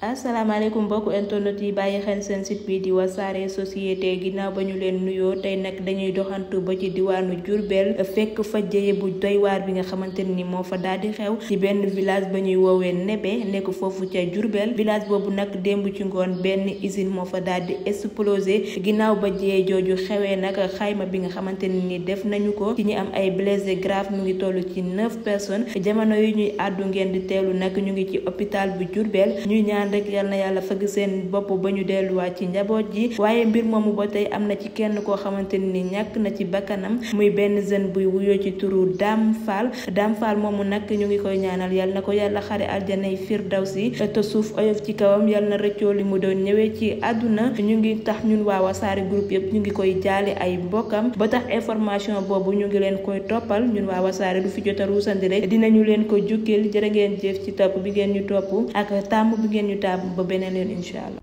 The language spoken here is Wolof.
asalaamaaleykum mbokku internet yi bàyyi xel seen site bi di saare société ginnaaw ba ñu leen nuyoo tey nag dañuy doxantu ba ci diwaanu Diourbel fekk fa jëye bu doy bi nga xamante ni moo fa daal di xew ci benn village ba ñuy woowee Nebe nekk foofu ca jurbeel village boobu nag démb ci ngoon benn usine moo fa daal di explosé ginaaw ba jëye jooju xewee nag xayma bi nga xamante ni def nañu ko ci ñi am ay blessés graves mu ngi tollu ci neuf personnes jamono yi ñuy àddu ngeen di teelu nag ñu ngi ci hôpital bu Diourbel ñuy ñaan rek yal na yàlla fëgg seen bopp ba ñu delluwaat ci njaboot ji waaye mbir moomu ba tey am na ci kenn koo xamante ni ñàkk na ci bakkanam muy benn jeune buy wuyoo ci turu Dame Fall Dame Fall moomu nag ñu ngi koy ñaanal yal na ko yàlla xare aljanay firdawsi te suuf oyof ci kawam yal na rëccoo li mu doon ñëwee ci àdduna ñu ngi tax ñun waa Wassare groupe yëpp ñu ngi koy jaale ay mbokkam ba tax information boobu ñu ngi leen koy toppal ñun waa Wassare du fi jot a ruusandi rek leen ko jukkil jërë ngeen jëf ci topp bi ngeen ñu topp ñu taab ba beneen yoon incha allah.